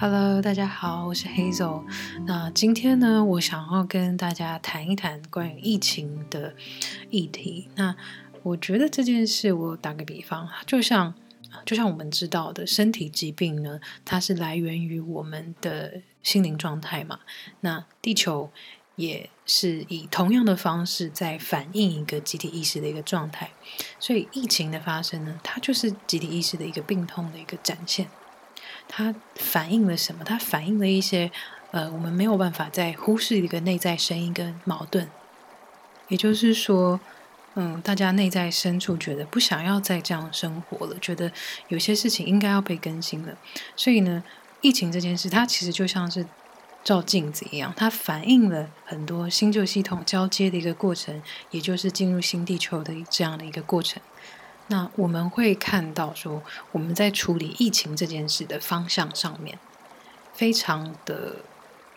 Hello，大家好，我是 Hazel。那今天呢，我想要跟大家談一談關於疫情的議題。那我覺得這件事，我打個比方，就像就像我們知道的身體疾病呢，它是來源於我們的心靈狀態嘛。那地球也是以同樣的方式在反映一個集體意識的一個狀態。所以疫情的發生呢，它就是集體意識的一個病痛的一個展現。它反映了什麼？它反映了一些呃，我們沒有辦法再忽視一個內在聲音跟矛盾。也就是說，嗯，大家內在深處覺得不想要再這樣生活了，覺得有些事情應該要被更新了。所以呢，疫情這件事，它其實就像是照鏡子一樣，它反映了很多新舊系統交接的一個過程，也就是進入新地球的這樣的一個過程。那我們會看到，說我們在處理疫情這件事的方向上面，非常的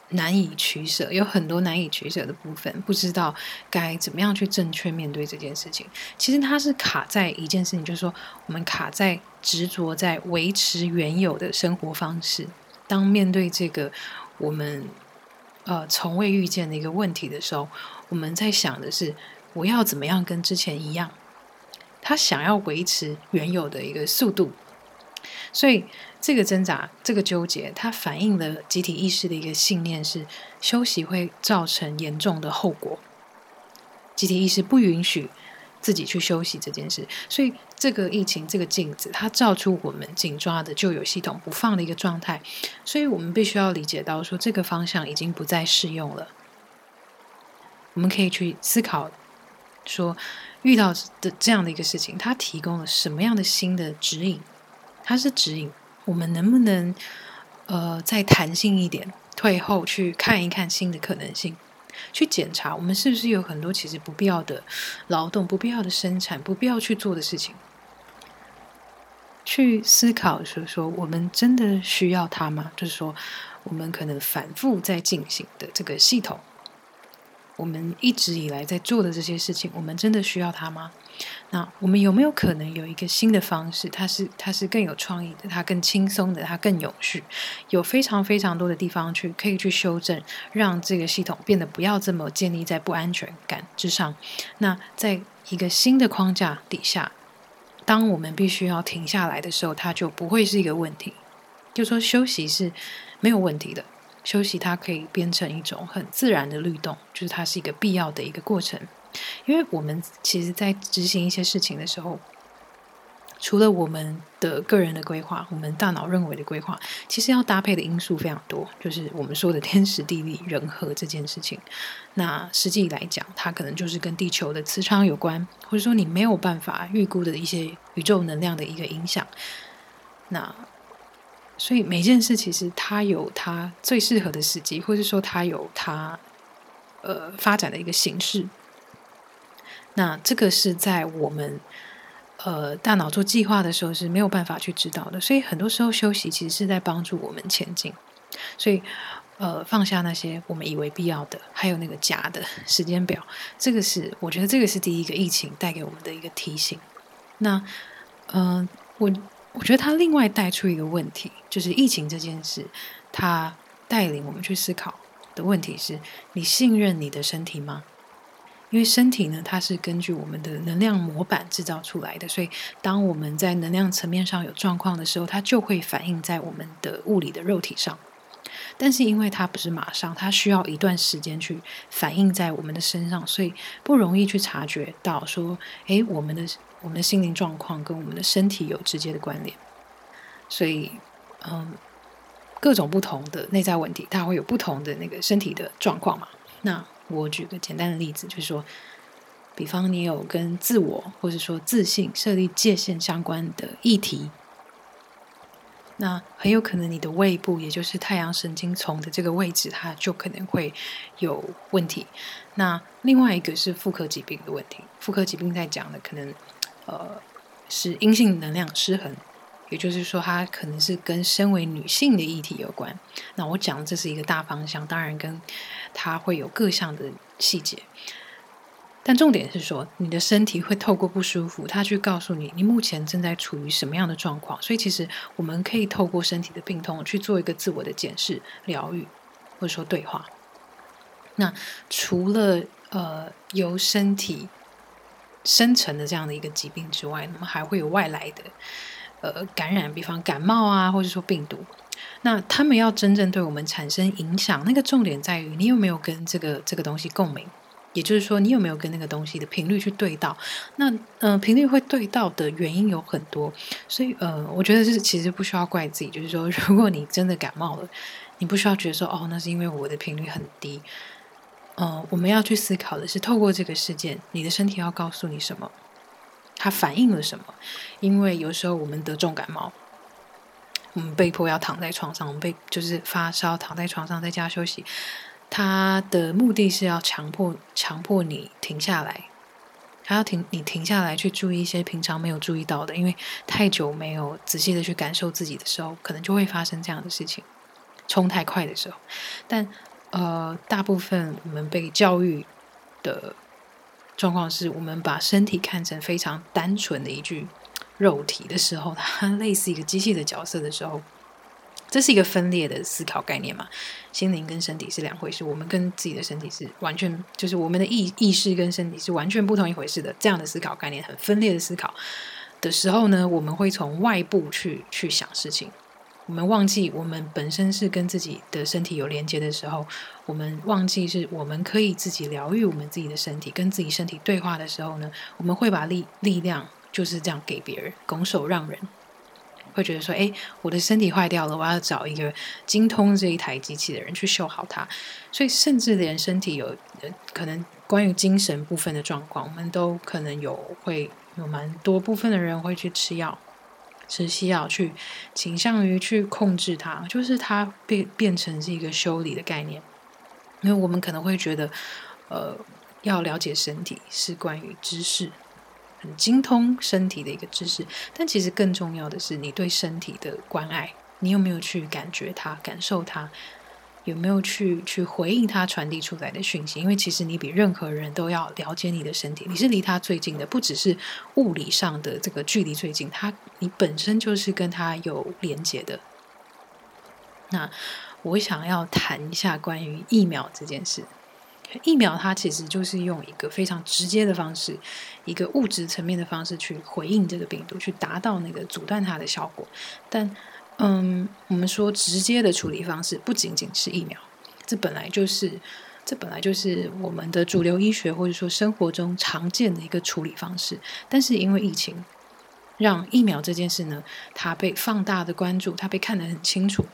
難以取舍，有很多難以取舍的部分，不知道該怎麼樣去正確面對這件事情。其實它是卡在一件事情，就是說我們卡在執着在維持原有的生活方式。當面對這個我們呃從未遇見的一個問題的時候，我們在想的是我要怎麼樣跟之前一樣。他想要維持原有的一個速度，所以這個掙扎、這個糾結，它反映了集體意識的一個信念是：是休息會造成嚴重的後果。集體意識不允許自己去休息這件事，所以這個疫情、這個鏡子，它照出我們緊抓的舊有系統不放的一個狀態。所以我們必須要理解到說，說這個方向已經不再適用了。我們可以去思考，說。遇到的這樣的一個事情，它提供了什麼樣的新的指引？它是指引我們能不能呃再彈性一點，退後去看一看新的可能性，去檢查我們是不是有很多其實不必要的勞動、不必要的生產、不必要去做的事情，去思考，就是說我們真的需要它嗎？就是說我們可能反復在進行的這個系統。我們一直以來在做的這些事情，我們真的需要它嗎？那我們有沒有可能有一個新的方式？它是它是更有創意的，它更輕鬆的，它更有序。有非常非常多的地方去可以去修正，讓這個系統變得不要這麼建立在不安全感之上。那在一個新的框架底下，當我們必須要停下來的時候，它就不會是一個問題。就說休息是沒有問題的。休息，它可以變成一種很自然的律動，就是它是一個必要的一個過程。因為我們其實，在執行一些事情的時候，除了我們的個人的規劃，我們大腦認為的規劃，其實要搭配的因素非常多，就是我們說的天時地利人和這件事情。那實際來講，它可能就是跟地球的磁場有關，或者說你沒有辦法預估的一些宇宙能量的一個影響。那所以每件事其實它有它最適合的時機，或是說它有它呃發展的一個形式。那這個是在我們呃大腦做計劃的時候是沒有辦法去知道的。所以很多時候休息其實是在幫助我們前進。所以呃放下那些我們以為必要的，還有那個假的時間表，這個是我覺得這個是第一個疫情帶給我們的一個提醒。那呃我。我覺得它另外帶出一個問題，就是疫情這件事，它帶領我們去思考的問題是：你信任你的身體嗎？因為身體呢，它是根據我們的能量模板制造出來的，所以當我們在能量層面上有狀況的時候，它就會反映在我們的物理的肉體上。但是因為它不是馬上，它需要一段時間去反映在我們的身上，所以不容易去察覺到說，誒，我們的我們的心靈狀況跟我們的身體有直接的關聯。所以，嗯，各種不同的內在問題，它會有不同的那個身體的狀況嘛。那我舉個簡單的例子，就是說，比方你有跟自我或者說自信設立界限相關的議題。那很有可能你的胃部，也就是太陽神經叢的這個位置，它就可能會有問題。那另外一個是婦科疾病的問題，婦科疾病在講的可能，呃，是陰性能量失衡，也就是說，它可能是跟身為女性的議題有關。那我講的這是一個大方向，當然跟它會有各項的細節。但重點是說，你的身體會透過不舒服，它去告訴你你目前正在處於什麼樣的狀況。所以，其實我們可以透過身體的病痛去做一個自我的檢視、療癒，或者說對話。那除了呃由身體生成的這樣的一個疾病之外，那麼還會有外來的呃感染，比方感冒啊，或者說病毒。那他們要真正對我們產生影響，那個重點在於你有沒有跟這個這個東西共鳴。也就是說，你有沒有跟那個東西的頻率去對到？那嗯，呃，頻率會對到的原因有很多，所以呃，我覺得是其實不需要怪自己。就是說，如果你真的感冒了，你不需要覺得說哦，那是因為我的頻率很低。嗯、呃，我們要去思考的是，透過這個事件，你的身體要告訴你什麼？它反映了什麼？因為有時候我們得重感冒，我們被迫要躺在床上，我們被就是發燒躺在床上在家休息。他的目的是要強迫強迫你停下來，他要停你停下來去注意一些平常沒有注意到的。因為太久沒有仔細的去感受自己的時候，可能就會發生這樣的事情，衝太快的時候。但呃，大部分我們被教育的狀況是，我們把身體看成非常單純的一具肉體的時候，它類似一個機器的角色的時候。這是一個分裂的思考概念嘛，心靈跟身體是兩回事，我們跟自己的身體是完全，就是我們的意意識跟身體是完全不同一回事的。這樣的思考概念很分裂的思考的時候呢，我們會從外部去去想事情，我們忘記我們本身是跟自己的身體有連接的時候，我們忘記是我們可以自己療癒我們自己的身體，跟自己身體對話的時候呢，我們會把力力量就是這樣給別人，拱手讓人。會覺得說，哎，我的身體壞掉了，我要找一個精通這一台機器的人去修好它。所以，甚至連身體有可能關於精神部分的狀況，我們都可能有會有蠻多部分的人會去吃藥、吃西藥去，去傾向於去控制它，就是它變變成是一個修理的概念。因為我們可能會覺得，呃，要了解身體是關於知識。很精通身體的一個知識，但其實更重要的是，你對身體的關愛，你有沒有去感覺它、感受它，有沒有去去回應它傳遞出來的訊息？因為其實你比任何人都要了解你的身體，你是離它最近的，不只是物理上的這個距離最近，它你本身就是跟它有連接的。那我想要談一下關於疫苗這件事。疫苗它其實就是用一個非常直接的方式，一個物質層面的方式去回應這個病毒，去達到那個阻斷它的效果。但，嗯，我們說直接的處理方式不僅僅是疫苗，這本來就是這本來就是我們的主流醫學或者說生活中常見的一個處理方式。但是因為疫情，讓疫苗這件事呢，它被放大的關注，它被看得很清楚，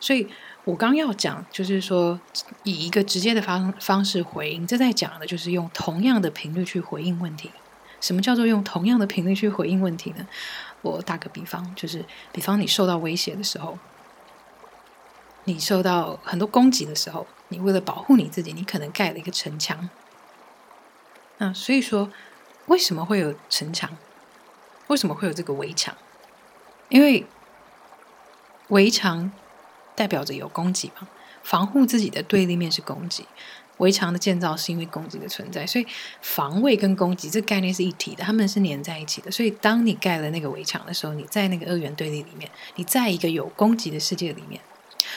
所以。我剛要講，就是說以一個直接的方方式回應，這在講的就是用同樣的頻率去回應問題。什麼叫做用同樣的頻率去回應問題呢？我打個比方，就是比方你受到威脅的時候，你受到很多攻擊的時候，你為了保護你自己，你可能蓋了一個城牆。那所以說，為什麼會有城牆？為什麼會有這個圍牆？因為圍牆。代表着有攻擊嘛？防護自己的對立面是攻擊，圍牆的建造是因為攻擊的存在，所以防衛跟攻擊這概念是一體的，他們是連在一起的。所以，當你蓋了那個圍牆的時候，你在那個二元對立裡面，你在一個有攻擊的世界裡面，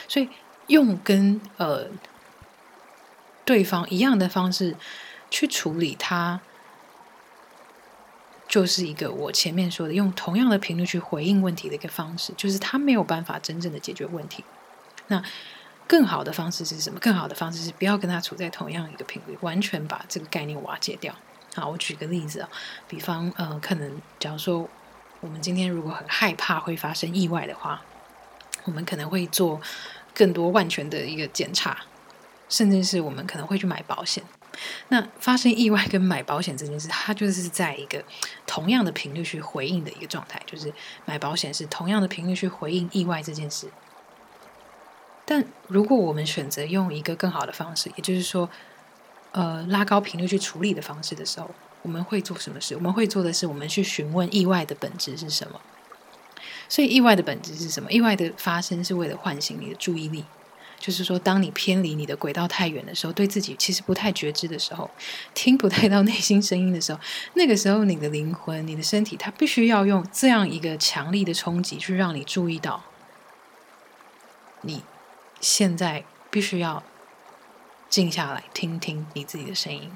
所以用跟呃對方一樣的方式去處理它，就是一個我前面說的用同樣的頻率去回應問題的一個方式，就是他沒有辦法真正的解決問題。那更好的方式是什麼？更好的方式是不要跟他處在同樣一個頻率，完全把這個概念瓦解掉。好，我舉個例子啊、哦，比方呃，可能假如說我們今天如果很害怕會發生意外的話，我們可能會做更多萬全的一個檢查，甚至是我們可能會去買保險。那發生意外跟買保險這件事，它就是在一個同樣的頻率去回應的一個狀態，就是買保險是同樣的頻率去回應意外這件事。但如果我們選擇用一個更好的方式，也就是說，呃，拉高頻率去處理的方式的時候，我們會做什麼事？我們會做的是，我們去詢問意外的本質是什麼。所以，意外的本質是什麼？意外的發生是為了喚醒你的注意力。就是說，當你偏離你的軌道太遠的時候，對自己其實不太覺知的時候，聽不太到內心聲音的時候，那個時候，你的靈魂、你的身體，它必須要用這樣一個強力的衝擊，去讓你注意到你，現在必須要靜下來，聽聽你自己的聲音，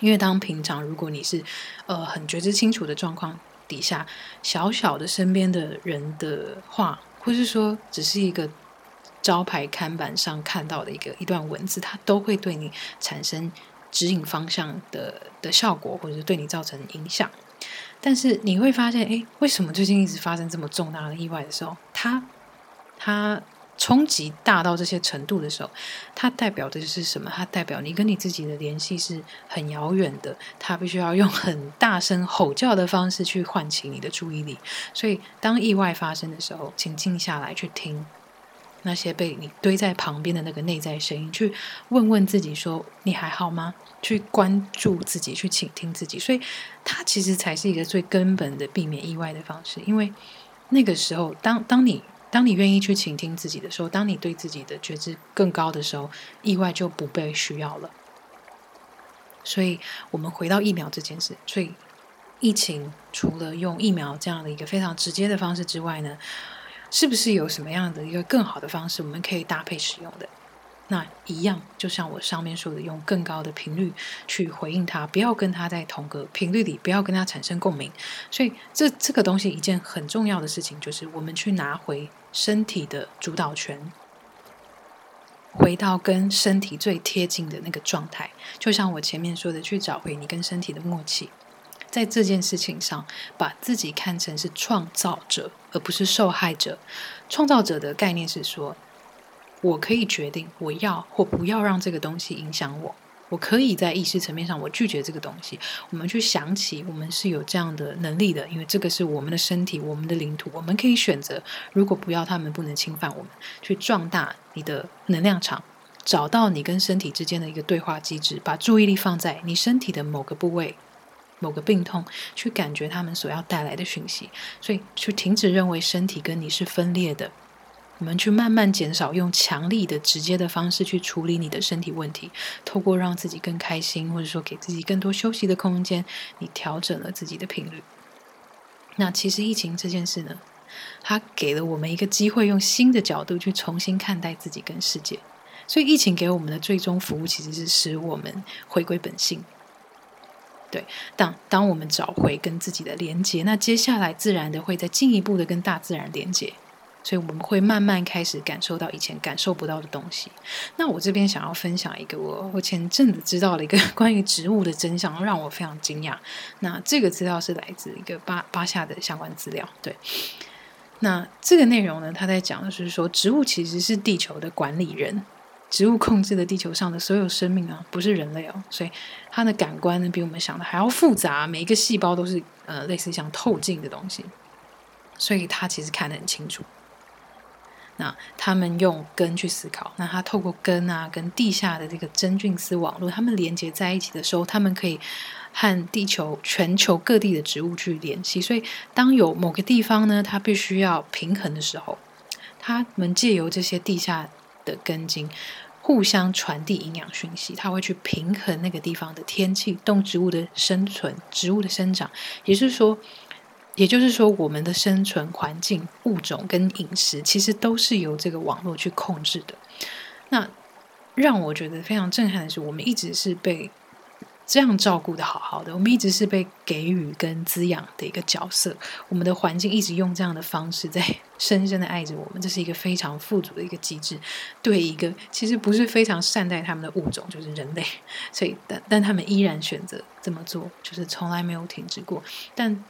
因為當平常如果你是呃很覺知清楚的狀況底下，小小的身邊的人的話，或是說只是一個招牌看板上看到的一個一段文字，它都會對你產生指引方向的的效果，或者是對你造成影響。但是你會發現，誒，為什麼最近一直發生這麼重大的意外的時候，他他。它衝擊大到這些程度的時候，它代表的是什麼？它代表你跟你自己的聯繫是很遙遠的。它必須要用很大聲吼叫的方式去喚起你的注意力。所以，當意外發生的時候，請靜下來去聽那些被你堆在旁邊的那個內在聲音，去問問自己說：“你還好嗎？”去關注自己，去傾聽自己。所以，它其實才是一個最根本的避免意外的方式。因為那個時候，當當你。當你願意去傾聽自己的時候，當你對自己的覺知更高的時候，意外就不被需要了。所以，我們回到疫苗這件事，所以疫情除了用疫苗這樣的一個非常直接的方式之外呢，是不是有什麼樣的一個更好的方式，我們可以搭配使用的？那一樣，就像我上面說的，用更高的頻率去回應他，不要跟他在同個頻率裡，不要跟他產生共鳴。所以這，這這個東西一件很重要的事情，就是我們去拿回身體的主導權，回到跟身體最貼近的那個狀態。就像我前面說的，去找回你跟身體的默契，在這件事情上，把自己看成是創造者，而不是受害者。創造者的概念是說。我可以決定我要或不要讓這個東西影響我。我可以在意識層面上，我拒絕這個東西。我們去想起，我們是有這樣的能力的，因為這個是我們的身體，我們的領土，我們可以選擇。如果不要，他們不能侵犯我們。去壯大你的能量場，找到你跟身體之間的一個對話機制，把注意力放在你身體的某個部位、某個病痛，去感覺他們所要帶來的訊息。所以，去停止認為身體跟你是分裂的。我們去慢慢減少用強力的、直接的方式去處理你的身體問題，透過讓自己更開心，或者說給自己更多休息的空間，你調整了自己的頻率。那其實疫情這件事呢，它給了我們一個機會，用新的角度去重新看待自己跟世界。所以，疫情給我們的最終服務，其實是使我們回歸本性。對，當當我們找回跟自己的連接，那接下來自然的會再進一步的跟大自然連接。所以我們會慢慢開始感受到以前感受不到的東西。那我這邊想要分享一個我我前陣子知道的一個關於植物的真相，讓我非常驚訝。那這個資料是來自一個巴巴夏的相關資料。對，那這個內容呢，他在講的是說，植物其實是地球的管理人，植物控制了地球上的所有生命啊，不是人類哦。所以他的感官呢，比我們想的還要複雜，每一個細胞都是呃類似像透鏡的東西，所以他其實看得很清楚。那他們用根去思考，那他透過根啊，跟地下的這個真菌絲網絡，他們連接在一起的時候，他們可以和地球全球各地的植物去聯繫。所以，當有某個地方呢，它必須要平衡的時候，他們借由這些地下的根莖互相傳遞營養訊息，它會去平衡那個地方的天氣、動植物的生存、植物的生長，也就是說。也就是說，我們的生存環境、物種跟飲食，其實都是由這個網絡去控制的。那讓我覺得非常震撼的是，我們一直是被這樣照顧的好好的，我們一直是被給予跟滋養的一個角色。我們的環境一直用這樣的方式在深深的愛着我們，這是一個非常富足的一個機制。對一個其實不是非常善待他們的物種，就是人類，所以但但他們依然選擇這麼做，就是從來沒有停止過。但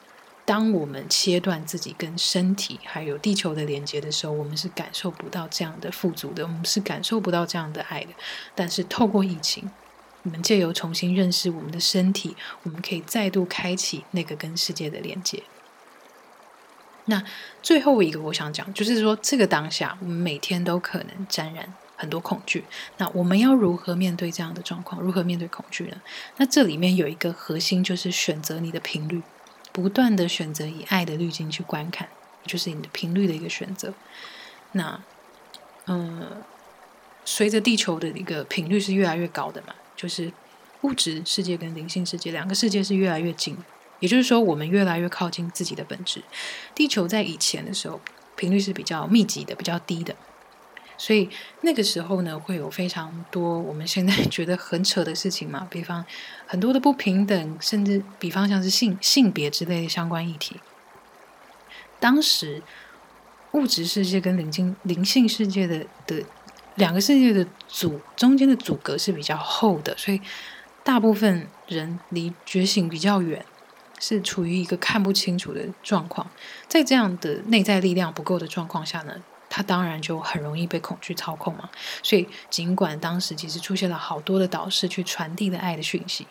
當我們切斷自己跟身體、還有地球的連接的時候，我們是感受不到這樣的富足的，我們是感受不到這樣的愛的。但是透過疫情，我們借由重新認識我們的身體，我們可以再度開啟那個跟世界的連接。那最後一個我想講，就是說這個當下，我們每天都可能沾染很多恐懼。那我們要如何面對這樣的狀況？如何面對恐懼呢？那這裡面有一個核心，就是選擇你的頻率。不斷的選擇以愛的濾鏡去觀看，就是你的頻率的一個選擇。那，嗯，隨着地球的一個頻率是越來越高的嘛，就是物質世界跟靈性世界兩個世界是越來越近，也就是說我們越來越靠近自己的本質。地球在以前的時候，頻率是比較密集的，比較低的。所以那個時候呢，會有非常多我們現在覺得很扯的事情嘛，比方很多的不平等，甚至比方像是性性別之類的相關議題。當時物質世界跟靈性靈性世界的的兩個世界的阻中間的阻隔是比較厚的，所以大部分人離覺醒比較遠，是處於一個看不清楚的狀況。在這樣的內在力量不夠的狀況下呢，他當然就很容易被恐懼操控嘛，所以儘管當時其實出現了好多的導師去傳遞的愛的訊息，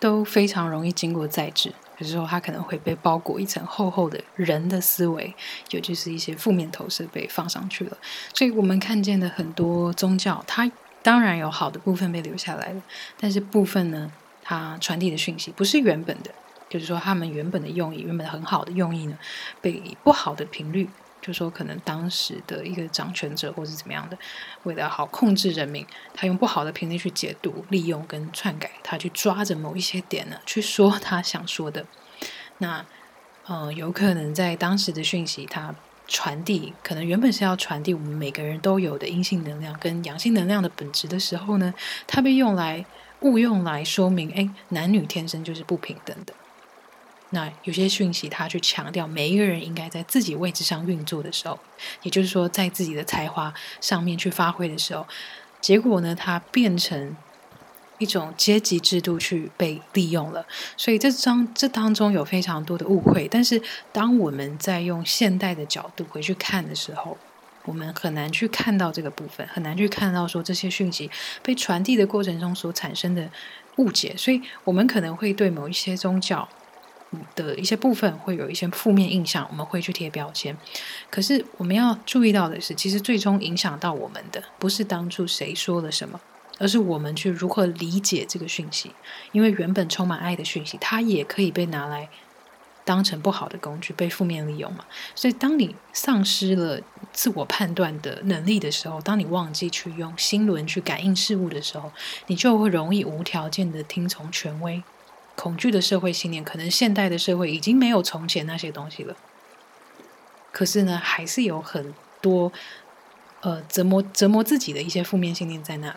都非常容易經過再製，有時候他可能會被包裹一層厚厚的人的思維，有就是一些負面投射被放上去了。所以我們看見的很多宗教，它當然有好的部分被留下來了，但是部分呢，它傳遞的訊息不是原本的，就是說他們原本的用意，原本很好的用意呢，被不好的頻率。就說可能當時的一個掌權者，或是怎麼樣的，為了好控制人民，他用不好的頻率去解讀、利用跟篡改，他去抓着某一些點呢、啊，去說他想說的。那嗯、呃，有可能在當時的訊息他傳遞，可能原本是要傳遞我們每個人都有的陰性能量跟陽性能量的本質的時候呢，他被用來誤用來說明，哎，男女天生就是不平等的。那有些訊息，它去強調每一個人應該在自己位置上運作的時候，也就是說，在自己的才華上面去發揮的時候，結果呢，它變成一種階級制度去被利用了。所以這張這當中有非常多的誤會。但是當我們在用現代的角度回去看的時候，我們很難去看到這個部分，很難去看到說這些訊息被傳遞的過程中所產生的誤解。所以，我們可能會對某一些宗教的一些部分會有一些負面印象，我們會去貼標籤。可是我們要注意到的是，其實最終影響到我們的，不是當初誰說了什麼，而是我們去如何理解這個訊息。因為原本充滿愛的訊息，它也可以被拿來當成不好的工具，被負面利用嘛。所以當你喪失了自我判斷的能力的時候，當你忘記去用心輪去感應事物的時候，你就會容易無條件的聽從權威。恐懼的社會信念，可能現代的社會已經沒有從前那些東西了。可是呢，還是有很多，呃，折磨折磨自己的一些負面信念在那裡。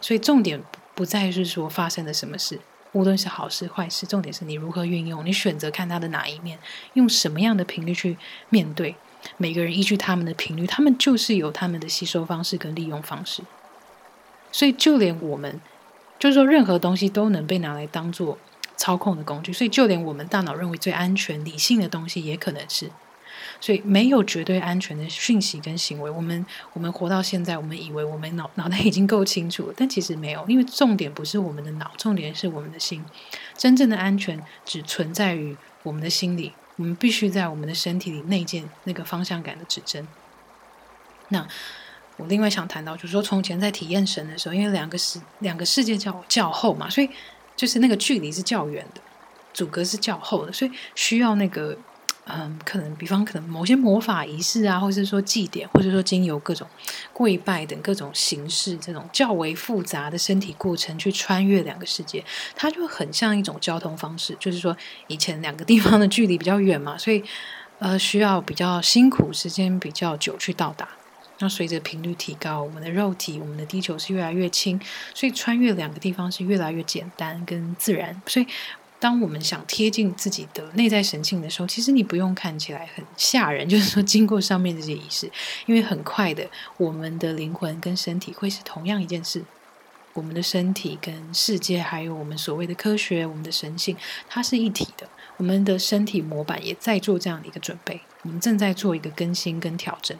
所以重點不再是說發生了什麼事，無論是好事壞事，重點是你如何運用，你選擇看它的哪一面，用什麼樣的頻率去面對。每個人依據他們的頻率，他們就是有他們的吸收方式跟利用方式。所以就連我們，就是說任何東西都能被拿來當做。操控的工具，所以就連我們大腦認為最安全、理性的東西，也可能是，所以沒有絕對安全的訊息跟行為。我們我們活到現在，我們以為我們腦腦袋已經夠清楚了，但其實沒有，因為重點不是我們的腦，重點是我們的心。真正的安全只存在於我們的心裡，我們必須在我們的身體裡內建那個方向感的指針。那我另外想談到，就是說，從前在體驗神的時候，因為兩個世兩個世界較較厚嘛，所以。就是那個距離是較遠的，阻隔是較厚的，所以需要那個嗯、呃，可能比方可能某些魔法儀式啊，或者是說祭典，或者說經由各種跪拜等各種形式，這種較為複雜的身體過程去穿越兩個世界，它就很像一種交通方式。就是說以前兩個地方的距離比較遠嘛，所以呃需要比較辛苦，時間比較久去到達。那隨着頻率提高，我們的肉體、我們的地球是越來越輕，所以穿越兩個地方是越來越簡單跟自然。所以，當我們想貼近自己的內在神性的時候，其實你不用看起來很嚇人。就是說，經過上面這些儀式，因為很快的，我們的靈魂跟身體會是同樣一件事。我們的身體跟世界，還有我們所謂的科學、我們的神性，它是一體的。我們的身體模板也在做這樣的一個準備，我們正在做一個更新跟調整。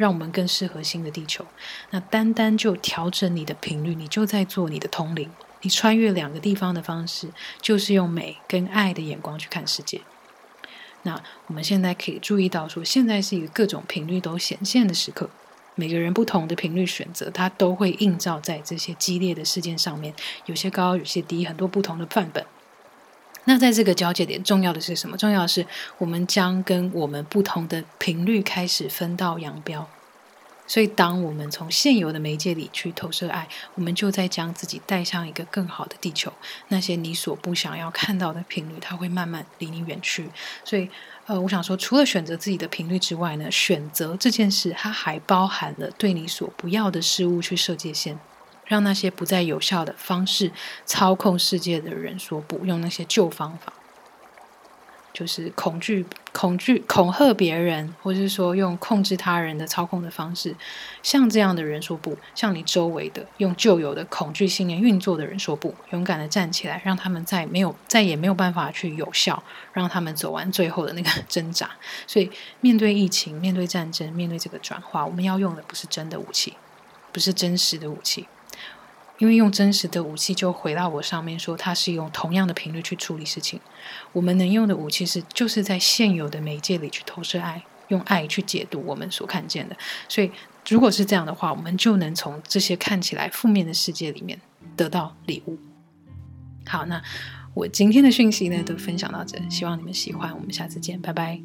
讓我們更適合新的地球。那單單就調整你的頻率，你就在做你的通靈。你穿越兩個地方的方式，就是用美跟愛的眼光去看世界。那我們現在可以注意到說，說現在是一個各種頻率都顯現的時刻。每個人不同的頻率選擇，它都會映照在這些激烈的事件上面。有些高，有些低，很多不同的範本。那在這個交界點，重要的是什麼？重要的是，我們將跟我們不同的頻率開始分道揚鑣。所以，當我們從現有的媒介裡去投射愛，我們就在將自己帶向一個更好的地球。那些你所不想要看到的頻率，它會慢慢離你遠去。所以，呃，我想說，除了選擇自己的頻率之外呢，選擇這件事，它還包含了對你所不要的事物去設界限。讓那些不再有效的方式操控世界的人說不，用那些舊方法，就是恐懼、恐懼、恐嚇別人，或是說用控制他人的操控的方式，像這樣的人說不，像你周圍的用舊有的恐懼信念運作的人說不，勇敢地站起來，讓他們再沒有、再也沒有辦法去有效，讓他們走完最後的那個掙扎。所以，面對疫情、面對戰爭、面對這個轉化，我們要用的不是真的武器，不是真實的武器。因為用真實的武器，就回到我上面說，它是用同樣的頻率去處理事情。我們能用的武器是，就是在現有的媒介裡去投射愛，用愛去解讀我們所看見的。所以，如果是這樣的話，我們就能從這些看起來負面的世界裡面得到禮物。好，那我今天的訊息呢，都分享到這，希望你們喜歡。我們下次見，拜拜。